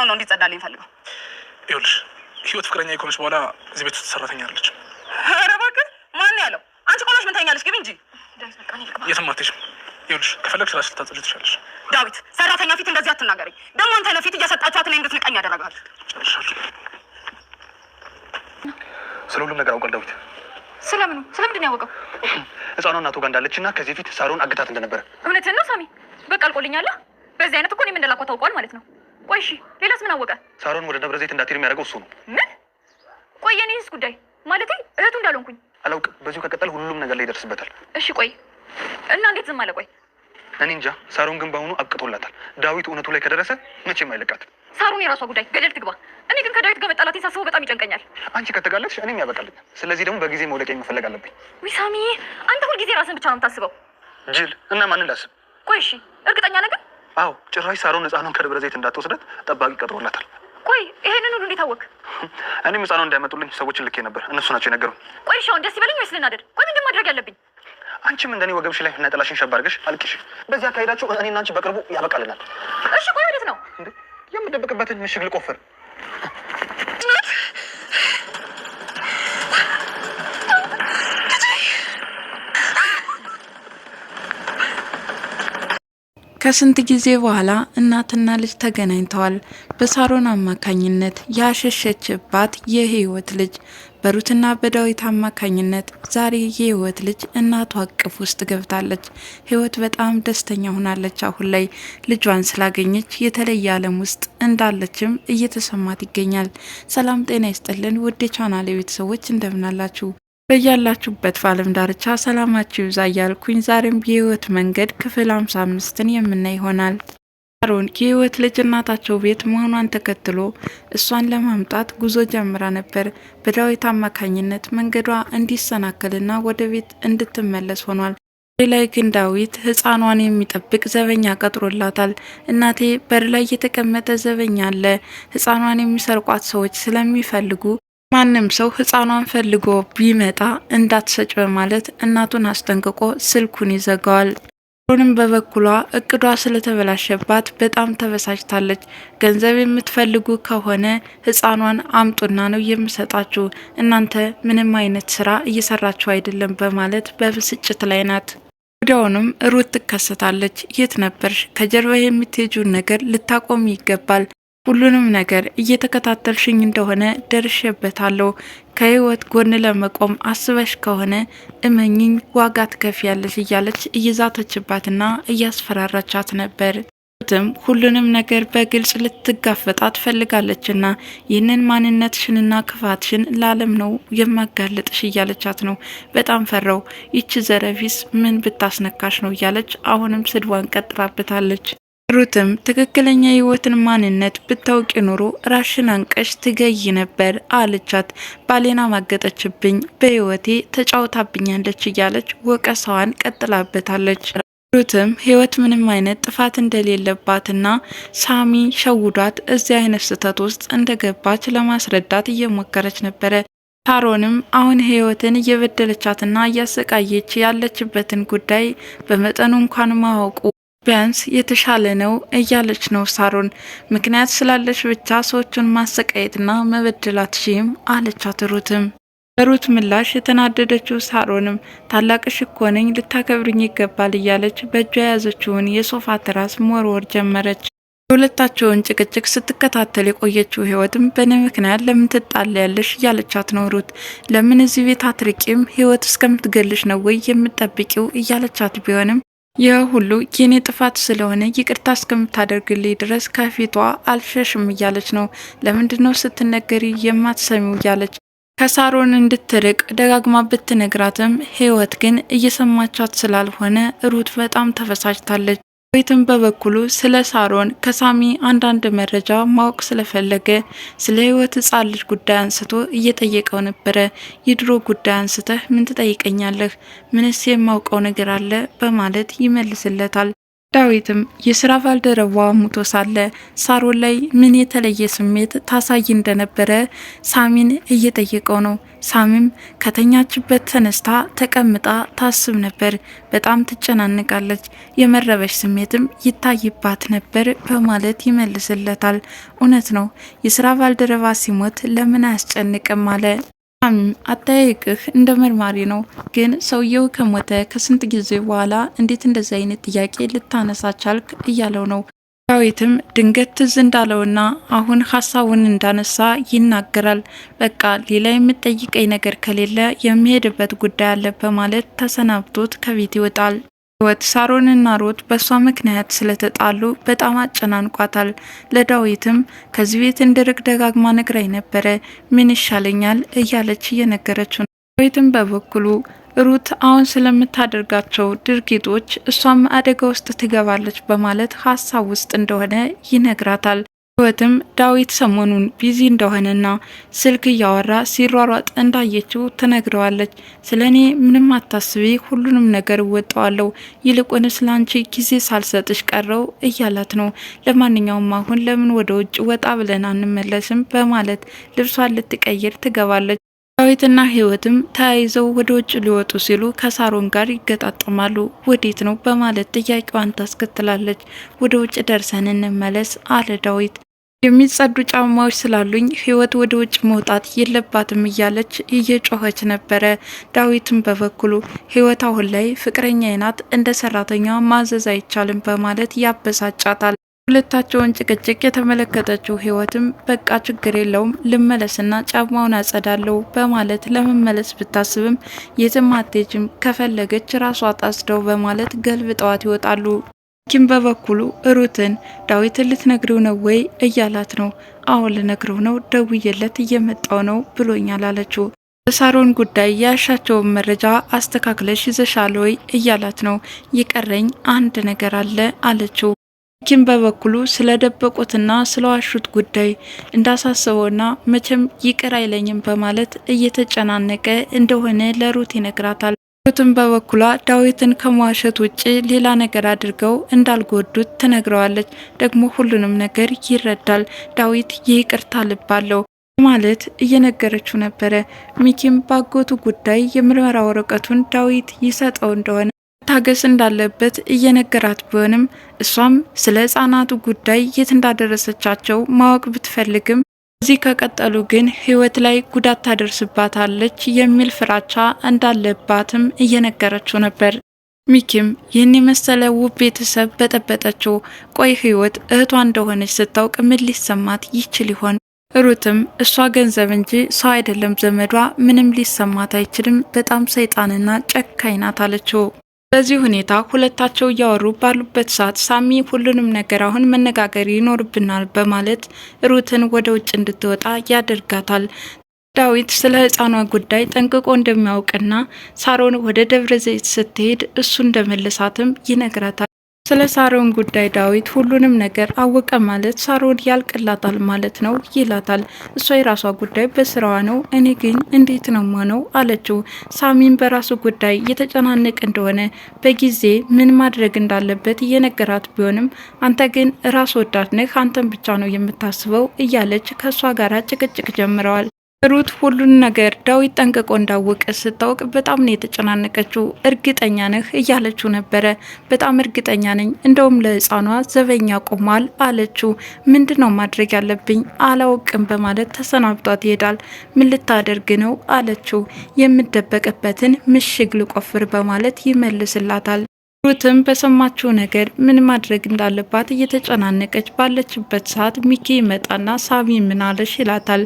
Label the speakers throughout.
Speaker 1: አሁን ነው እንዲጸዳልኝ ፈልገው። ይኸውልሽ ህይወት ፍቅረኛ የኮነች በኋላ እዚህ ቤት ውስጥ ሰራተኛ አለች። ኧረ እባክህ ማን ያለው? አንቺ ቆሎች ምን ተኛለች? ግቢ እንጂ የትም አትሄጂም። ይኸውልሽ ከፈለግሽ ራስሽ ልታጸጂ ትችላለሽ። ዳዊት ሰራተኛ ፊት እንደዚህ አትናገረኝ። ደግሞ አንተ ነፊት እያሰጣችኋት እኔ እንድትንቀኝ ያደረጋል። ጨርሻለሁ። ስለ ሁሉም ነገር አውቃል ዳዊት።
Speaker 2: ስለምኑ ስለምንድን ያወቀው?
Speaker 1: ህፃኗ እናቱ ጋር እንዳለች እና ከዚህ ፊት ሳሮን አግታት እንደነበረ
Speaker 2: እውነትን ነው ሳሚ። በቃ አልቆልኛለሁ። በዚህ አይነት እኮ እኔም እንደላኳ ታውቋል ማለት ነው። ቆይ እሺ፣ ሌላስ ምን አወቀ?
Speaker 1: ሳሮን ወደ ደብረ ዘይት እንዳትሄድ የሚያደርገው እሱ ነው።
Speaker 2: ምን? ቆይ የኔስ ጉዳይ ማለት እህቱ እንዳልሆንኩኝ
Speaker 1: አላውቅ። በዚሁ ከቀጠል ሁሉም ነገር ላይ ይደርስበታል።
Speaker 2: እሺ ቆይ እና እንዴት ዝም አለ? ቆይ
Speaker 1: እኔ እንጃ። ሳሮን ግን በአሁኑ አብቅቶላታል። ዳዊት እውነቱ ላይ ከደረሰ መቼም አይለቃት።
Speaker 2: ሳሮን የራሷ ጉዳይ
Speaker 1: ገደል ትግባ። እኔ ግን ከዳዊት ጋር መጣላቴን ሳስበው በጣም ይጨንቀኛል። አንቺ ከተጋለጥሽ እኔም ያበቃልኝ። ስለዚህ ደግሞ በጊዜ መውለቅ መፈለግ አለብኝ። ዊሳሚ፣ አንተ ሁልጊዜ ራስን ብቻ ነው የምታስበው። ጅል እና ማንን ላስብ?
Speaker 2: ቆይ እሺ፣ እርግጠኛ ነገር
Speaker 1: አዎ ጭራሽ ሳሮን ህፃኑን ከደብረ ዘይት እንዳትወስደት ጠባቂ ቀጥሮላታል።
Speaker 2: ቆይ ይሄንን ሁሉ እንዴት አወቅ?
Speaker 1: እኔም ህፃኑን እንዳይመጡልኝ ሰዎችን ልኬ ነበር፣ እነሱ ናቸው የነገሩኝ።
Speaker 2: ቆይ ሻውን ደስ ይበለኝ ወይስ ልናደድ? ቆይ ምንድን ማድረግ ያለብኝ?
Speaker 1: አንቺም እንደኔ ወገብሽ ላይ ነጠላሽን ሸብ አድርገሽ አልቅሽ። በዚህ አካሄዳቸው እኔና አንቺ በቅርቡ ያበቃልናል። እሺ ቆይ ወዴት ነው የምደብቅበትን ምሽግ ልቆፍር?
Speaker 2: ከስንት ጊዜ በኋላ እናትና ልጅ ተገናኝተዋል። በሳሮን አማካኝነት ያሸሸችባት የህይወት ልጅ በሩትና በዳዊት አማካኝነት ዛሬ የህይወት ልጅ እናቷ አቅፍ ውስጥ ገብታለች። ህይወት በጣም ደስተኛ ሆናለች። አሁን ላይ ልጇን ስላገኘች የተለየ ዓለም ውስጥ እንዳለችም እየተሰማት ይገኛል። ሰላም ጤና ይስጥልን ውድ የቻናሌ ቤተሰቦች እንደምናላችሁ በያላችሁበት በዓለም ዳርቻ ሰላማችሁ ይብዛ እያልኩኝ ዛሬም የህይወት መንገድ ክፍል ሃምሳ አምስትን የምናይ ይሆናል። ሳሮን የህይወት ልጅ እናታቸው ቤት መሆኗን ተከትሎ እሷን ለማምጣት ጉዞ ጀምራ ነበር። በዳዊት አማካኝነት መንገዷ እንዲሰናከልና ወደ ቤት እንድትመለስ ሆኗል። ሌላ ግን ዳዊት ህፃኗን የሚጠብቅ ዘበኛ ቀጥሮላታል። እናቴ በር ላይ የተቀመጠ ዘበኛ አለ፣ ህፃኗን የሚሰርቋት ሰዎች ስለሚፈልጉ ማንም ሰው ህፃኗን ፈልጎ ቢመጣ እንዳትሰጭ በማለት እናቱን አስጠንቅቆ ስልኩን ይዘጋዋል። ሩንም በበኩሏ እቅዷ ስለተበላሸባት በጣም ተበሳጭታለች። ገንዘብ የምትፈልጉ ከሆነ ህፃኗን አምጡና ነው የምሰጣችሁ፣ እናንተ ምንም አይነት ስራ እየሰራችሁ አይደለም በማለት በብስጭት ላይ ናት። ወዲያውኑም ሩት ትከሰታለች። የት ነበርሽ? ከጀርባ የምትሄጁን ነገር ልታቆም ይገባል ሁሉንም ነገር እየተከታተልሽኝ እንደሆነ ደርሼበታለሁ። ከህይወት ጎን ለመቆም አስበሽ ከሆነ እመኝኝ ዋጋ ትከፍያለሽ እያለች እየዛተችባትና እያስፈራራቻት ነበር። ትም ሁሉንም ነገር በግልጽ ልትጋፈጣ ትፈልጋለችና ይህንን ማንነትሽንና ክፋትሽን ለዓለም ነው የማጋለጥሽ እያለቻት ነው። በጣም ፈራው። ይቺ ዘረፊስ ምን ብታስነካሽ ነው እያለች አሁንም ስድዋን ቀጥላበታለች። ሩትም ትክክለኛ የህይወትን ማንነት ብታውቂ ኑሮ ራሽን አንቀሽ ትገይ ነበር አለቻት። ባሌና ማገጠችብኝ፣ በህይወቴ ተጫውታብኛለች እያለች ወቀሳዋን ቀጥላበታለች። ሩትም ህይወት ምንም አይነት ጥፋት እንደሌለባትና ሳሚ ሸውዷት እዚህ አይነት ስህተት ውስጥ እንደገባች ለማስረዳት እየሞከረች ነበረ። ታሮንም አሁን ህይወትን እየበደለቻትና እያሰቃየች ያለችበትን ጉዳይ በመጠኑ እንኳን ማወቁ ቢያንስ የተሻለ ነው እያለች ነው ሳሮን። ምክንያት ስላለች ብቻ ሰዎቹን ማሰቃየትና መበደል አትችይም አለቻት ሩትም። በሩት ምላሽ የተናደደችው ሳሮንም ታላቅሽ እኮ ነኝ ልታከብርኝ ይገባል እያለች በእጇ የያዘችውን የሶፋ ትራስ መወርወር ጀመረች። የሁለታቸውን ጭቅጭቅ ስትከታተል የቆየችው ህይወትም በእኔ ምክንያት ለምን ትጣለያለሽ እያለቻት ነው ሩት። ለምን እዚህ ቤት አትርቂም? ህይወት እስከምትገልሽ ነው ወይ የምጠብቂው እያለቻት ቢሆንም ይህ ሁሉ የኔ ጥፋት ስለሆነ ይቅርታ እስከምታደርግልኝ ድረስ ከፊቷ አልሸሽም እያለች ነው። ለምንድነው ስትነገሪ የማትሰሚው እያለች ከሳሮን እንድትርቅ ደጋግማ ብትነግራትም ህይወት ግን እየሰማቻት ስላልሆነ ሩት በጣም ተፈሳጭታለች። ዳዊትም በበኩሉ ስለ ሳሮን ከሳሚ አንዳንድ መረጃ ማወቅ ስለፈለገ ስለ ህይወት ህፃን ልጅ ጉዳይ አንስቶ እየጠየቀው ነበረ። የድሮ ጉዳይ አንስተህ ምን ትጠይቀኛለህ? ምንስ የማውቀው ነገር አለ? በማለት ይመልስለታል። ዳዊትም የስራ ባልደረባዋ ሙቶ ሳለ ሳሮን ላይ ምን የተለየ ስሜት ታሳይ እንደነበረ ሳሚን እየጠየቀው ነው። ሳሚም ከተኛችበት ተነስታ ተቀምጣ ታስብ ነበር፣ በጣም ትጨናንቃለች፣ የመረበሽ ስሜትም ይታይባት ነበር በማለት ይመልስለታል። እውነት ነው የስራ ባልደረባ ሲሞት ለምን አያስጨንቅም አለ አጠያየቅህ እንደ መርማሪ ነው። ግን ሰውየው ከሞተ ከስንት ጊዜ በኋላ እንዴት እንደዚህ አይነት ጥያቄ ልታነሳ ቻልክ? እያለው ነው። ዳዊትም ድንገት ትዝ እንዳለውና አሁን ሀሳቡን እንዳነሳ ይናገራል። በቃ ሌላ የምትጠይቀኝ ነገር ከሌለ የሚሄድበት ጉዳይ አለ በማለት ተሰናብቶት ከቤት ይወጣል። ህይወት ሳሮንና ሩት በእሷ ምክንያት ስለተጣሉ በጣም አጨናንቋታል። ለዳዊትም ከዚህ ቤት እንድርቅ ደጋግማ ነግራኝ ነበረ፣ ምን ይሻለኛል እያለች እየነገረችው ነው። ዳዊትም በበኩሉ ሩት አሁን ስለምታደርጋቸው ድርጊቶች እሷም አደጋ ውስጥ ትገባለች በማለት ሀሳብ ውስጥ እንደሆነ ይነግራታል። ህይወትም ዳዊት ሰሞኑን ቢዚ እንደሆነና ስልክ እያወራ ሲሯሯጥ እንዳየችው ትነግረዋለች። ስለ እኔ ምንም አታስቢ፣ ሁሉንም ነገር እወጣዋለሁ፣ ይልቁንስ ለአንቺ ጊዜ ሳልሰጥሽ ቀረው እያላት ነው። ለማንኛውም አሁን ለምን ወደ ውጭ ወጣ ብለን አንመለስም? በማለት ልብሷን ልትቀይር ትገባለች። ዳዊትና ህይወትም ተያይዘው ወደ ውጭ ሊወጡ ሲሉ ከሳሮን ጋር ይገጣጠማሉ። ወዴት ነው በማለት ጥያቄዋን ታስከትላለች። ወደ ውጭ ደርሰን እንመለስ አለ ዳዊት። የሚጸዱ ጫማዎች ስላሉኝ ህይወት ወደ ውጭ መውጣት የለባትም እያለች እየጮኸች ነበረ። ዳዊትም በበኩሉ ህይወት አሁን ላይ ፍቅረኛ ናት፣ እንደ ሰራተኛ ማዘዝ አይቻልም በማለት ያበሳጫታል። ሁለታቸውን ጭቅጭቅ የተመለከተችው ህይወትም በቃ ችግር የለውም ልመለስና ጫማውን አጸዳለው በማለት ለመመለስ ብታስብም የትም አትሄጂም፣ ከፈለገች ራሷ ጣስደው በማለት ገልብጠዋት ይወጣሉ። ኪም በበኩሉ ሩትን ዳዊትን ልትነግሪው ነው ወይ እያላት ነው። አሁን ልነግረው ነው፣ ደውዬለት እየመጣው ነው ብሎኛል አለችው። በሳሮን ጉዳይ ያሻቸውን መረጃ አስተካክለሽ ይዘሻል ወይ እያላት ነው። ይቀረኝ አንድ ነገር አለ አለችው። ኪም በበኩሉ ስለደበቁትና ስለዋሹት ጉዳይ እንዳሳሰበውና መቼም ይቅር አይለኝም በማለት እየተጨናነቀ እንደሆነ ለሩት ይነግራታል። ሴቶትም በበኩሏ ዳዊትን ከመዋሸት ውጪ ሌላ ነገር አድርገው እንዳልጎዱት ትነግረዋለች። ደግሞ ሁሉንም ነገር ይረዳል። ዳዊት ይቅርታ ልብ አለው ማለት እየነገረችው ነበረ። ሚኪም ባጎቱ ጉዳይ የምርመራ ወረቀቱን ዳዊት ይሰጠው እንደሆነ ታገስ እንዳለበት እየነገራት ቢሆንም እሷም ስለ ሕጻናቱ ጉዳይ የት እንዳደረሰቻቸው ማወቅ ብትፈልግም እዚህ ከቀጠሉ ግን ህይወት ላይ ጉዳት ታደርስባታለች የሚል ፍራቻ እንዳለባትም እየነገረችው ነበር። ሚኪም ይህን የመሰለ ውብ ቤተሰብ በጠበጠችው። ቆይ ህይወት እህቷ እንደሆነች ስታውቅ ምን ሊሰማት ይችል ይሆን? ሩትም እሷ ገንዘብ እንጂ ሰው አይደለም ዘመዷ፣ ምንም ሊሰማት አይችልም፣ በጣም ሰይጣንና ጨካኝ ናት አለችው። በዚህ ሁኔታ ሁለታቸው እያወሩ ባሉበት ሰዓት ሳሚ ሁሉንም ነገር አሁን መነጋገር ይኖርብናል በማለት ሩትን ወደ ውጭ እንድትወጣ ያደርጋታል። ዳዊት ስለ ህፃኗ ጉዳይ ጠንቅቆ እንደሚያውቅና ሳሮን ወደ ደብረ ዘይት ስትሄድ እሱ እንደመለሳትም ይነግራታል። ስለ ሳሮን ጉዳይ ዳዊት ሁሉንም ነገር አወቀ ማለት ሳሮን ያልቅላታል ማለት ነው ይላታል። እሷ የራሷ ጉዳይ በስራዋ ነው፣ እኔ ግን እንዴት ነው ማነው አለችው። ሳሚን በራሱ ጉዳይ እየተጨናነቅ እንደሆነ በጊዜ ምን ማድረግ እንዳለበት እየነገራት ቢሆንም አንተ ግን ራስ ወዳድ ነህ፣ አንተን ብቻ ነው የምታስበው እያለች ከእሷ ጋር ጭቅጭቅ ጀምረዋል። ሩት ሁሉን ነገር ዳዊት ጠንቅቆ እንዳወቀ ስታውቅ በጣም ነው የተጨናነቀችው። እርግጠኛ ነህ እያለችው ነበረ። በጣም እርግጠኛ ነኝ፣ እንደውም ለሕፃኗ ዘበኛ ቆሟል አለችው። ምንድን ነው ማድረግ ያለብኝ አላውቅም በማለት ተሰናብቷት ይሄዳል። ምን ልታደርግ ነው አለችው። የምደበቅበትን ምሽግ ልቆፍር በማለት ይመልስላታል። ሩትም በሰማችው ነገር ምን ማድረግ እንዳለባት እየተጨናነቀች ባለችበት ሰዓት ሚኪ ይመጣና ሳሚ ምናለሽ ይላታል።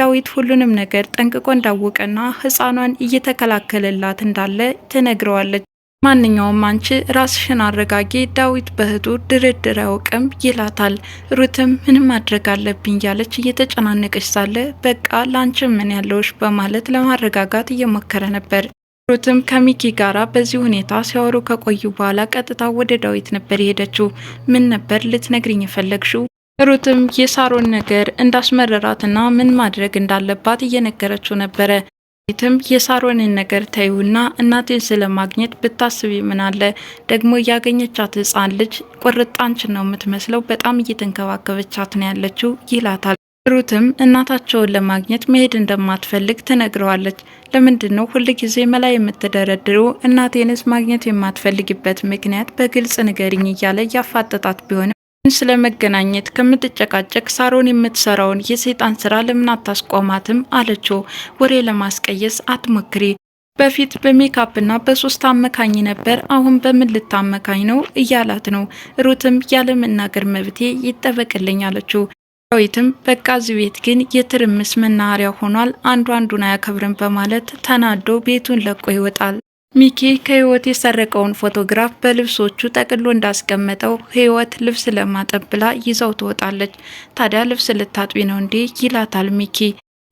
Speaker 2: ዳዊት ሁሉንም ነገር ጠንቅቆ እንዳወቀና ሕፃኗን እየተከላከለላት እንዳለ ትነግረዋለች። ማንኛውም አንቺ ራስሽን አረጋጊ፣ ዳዊት በእህቱ ድርድር አያውቅም ይላታል። ሩትም ምን ማድረግ አለብኝ እያለች እየተጨናነቀች ሳለ በቃ ለአንቺ ምን ያለውሽ በማለት ለማረጋጋት እየሞከረ ነበር። ሩትም ከሚኪ ጋራ በዚህ ሁኔታ ሲያወሩ ከቆዩ በኋላ ቀጥታ ወደ ዳዊት ነበር የሄደችው። ምን ነበር ልትነግሪኝ የፈለግሽው? ሩትም የሳሮን ነገር እንዳስመረራትና ምን ማድረግ እንዳለባት እየነገረችው ነበረ። ዳዊትም የሳሮንን ነገር ተይውና እናቴን ስለማግኘት ብታስቢ ምናለ፣ ደግሞ ያገኘቻት ሕፃን ልጅ ቁርጥ አንቺን ነው የምትመስለው፣ በጣም እየተንከባከበቻት ነው ያለችው ይላታል። ሩትም እናታቸውን ለማግኘት መሄድ እንደማትፈልግ ትነግረዋለች። ለምንድን ነው ሁል ጊዜ መላ የምትደረድሩ? እናቴንስ ማግኘት የማትፈልግበት ምክንያት በግልጽ ንገርኝ እያለ እያፋጠጣት ቢሆንም ስለ መገናኘት ከምትጨቃጨቅ ሳሮን የምትሰራውን የሰይጣን ስራ ለምን አታስቆማትም አለችው። ወሬ ለማስቀየስ አትሞክሪ። በፊት በሜካፕና በሶስት አመካኝ ነበር፣ አሁን በምን ልታመካኝ ነው እያላት ነው። ሩትም ያለመናገር መብቴ ይጠበቅልኝ አለችው። ሰራዊትም በቃ እዚህ ቤት ግን የትርምስ መናኸሪያ ሆኗል፣ አንዱ አንዱን አያከብርም በማለት ተናዶ ቤቱን ለቆ ይወጣል። ሚኪ ከህይወት የሰረቀውን ፎቶግራፍ በልብሶቹ ጠቅሎ እንዳስቀመጠው ህይወት ልብስ ለማጠብ ብላ ይዛው ትወጣለች። ታዲያ ልብስ ልታጥቢ ነው እንዴ ይላታል ሚኪ።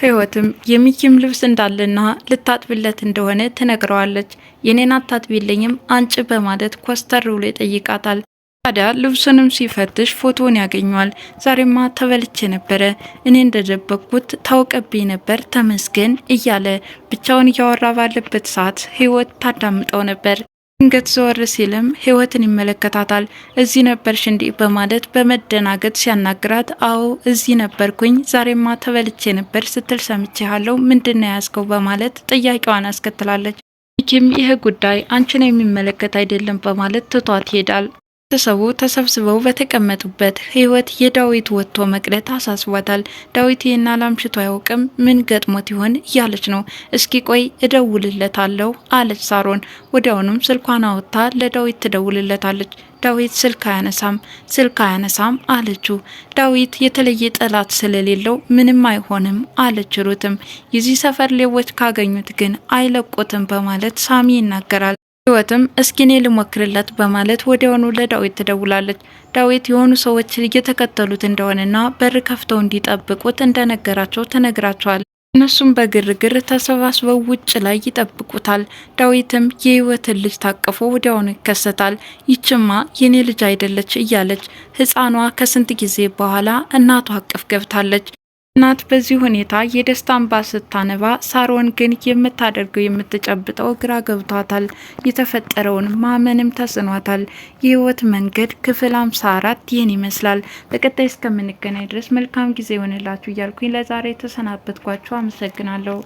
Speaker 2: ህይወትም የሚኪም ልብስ እንዳለና ልታጥብለት እንደሆነ ትነግረዋለች። የኔን አታጥቢልኝም አንጭ በማለት ኮስተር ብሎ ይጠይቃታል። ታዲያ ልብሱንም ሲፈትሽ ፎቶውን ያገኘዋል። ዛሬማ ተበልቼ ነበረ፣ እኔ እንደደበቅኩት ታውቀብኝ ነበር ተመስገን እያለ ብቻውን እያወራ ባለበት ሰዓት ህይወት ታዳምጠው ነበር። ድንገት ዘወር ሲልም ህይወትን ይመለከታታል። እዚህ ነበርሽ እንዲህ በማለት በመደናገጥ ሲያናግራት፣ አዎ እዚህ ነበርኩኝ፣ ዛሬማ ተበልቼ ነበር ስትል ሰምቼሃለው፣ ምንድነው ነው የያዝከው በማለት ጥያቄዋን አስከትላለች። ይህም ይህ ጉዳይ አንቺን የሚመለከት አይደለም በማለት ትቷት ይሄዳል። ቤተሰቡ ተሰብስበው በተቀመጡበት ህይወት የዳዊት ወጥቶ መቅረት አሳስቧታል። ዳዊት ይህን አላምሽቶ አያውቅም፣ ምን ገጥሞት ይሆን እያለች ነው። እስኪ ቆይ እደውልለታለሁ አለች ሳሮን። ወዲያውኑም ስልኳን አወጥታ ለዳዊት ትደውልለታለች። ዳዊት ስልክ አያነሳም፣ ስልክ አያነሳም አለችው። ዳዊት የተለየ ጠላት ስለሌለው ምንም አይሆንም አለች ሩትም። የዚህ ሰፈር ሌቦች ካገኙት ግን አይለቁትም በማለት ሳሚ ይናገራል። ህይወትም እስኪኔ ልሞክርለት በማለት ወዲያውኑ ለዳዊት ትደውላለች። ዳዊት የሆኑ ሰዎች እየተከተሉት እንደሆነና በር ከፍተው እንዲጠብቁት እንደነገራቸው ተነግራቸዋል። እነሱም በግርግር ተሰባስበው ውጭ ላይ ይጠብቁታል። ዳዊትም የህይወትን ልጅ ታቅፎ ወዲያውኑ ይከሰታል። ይችማ የኔ ልጅ አይደለች እያለች ህፃኗ ከስንት ጊዜ በኋላ እናቷ አቅፍ ገብታለች። ናት። በዚህ ሁኔታ የደስታ እንባ ስታነባ፣ ሳሮን ግን የምታደርገው የምትጨብጠው ግራ ገብቷታል። የተፈጠረውን ማመንም ተስኗታል። የህይወት መንገድ ክፍል አራት ይህን ይመስላል። በቀጣይ እስከምንገናኝ ድረስ መልካም ጊዜ ይሆንላችሁ እያልኩኝ ለዛሬ ተሰናበትኳችሁ። አመሰግናለሁ።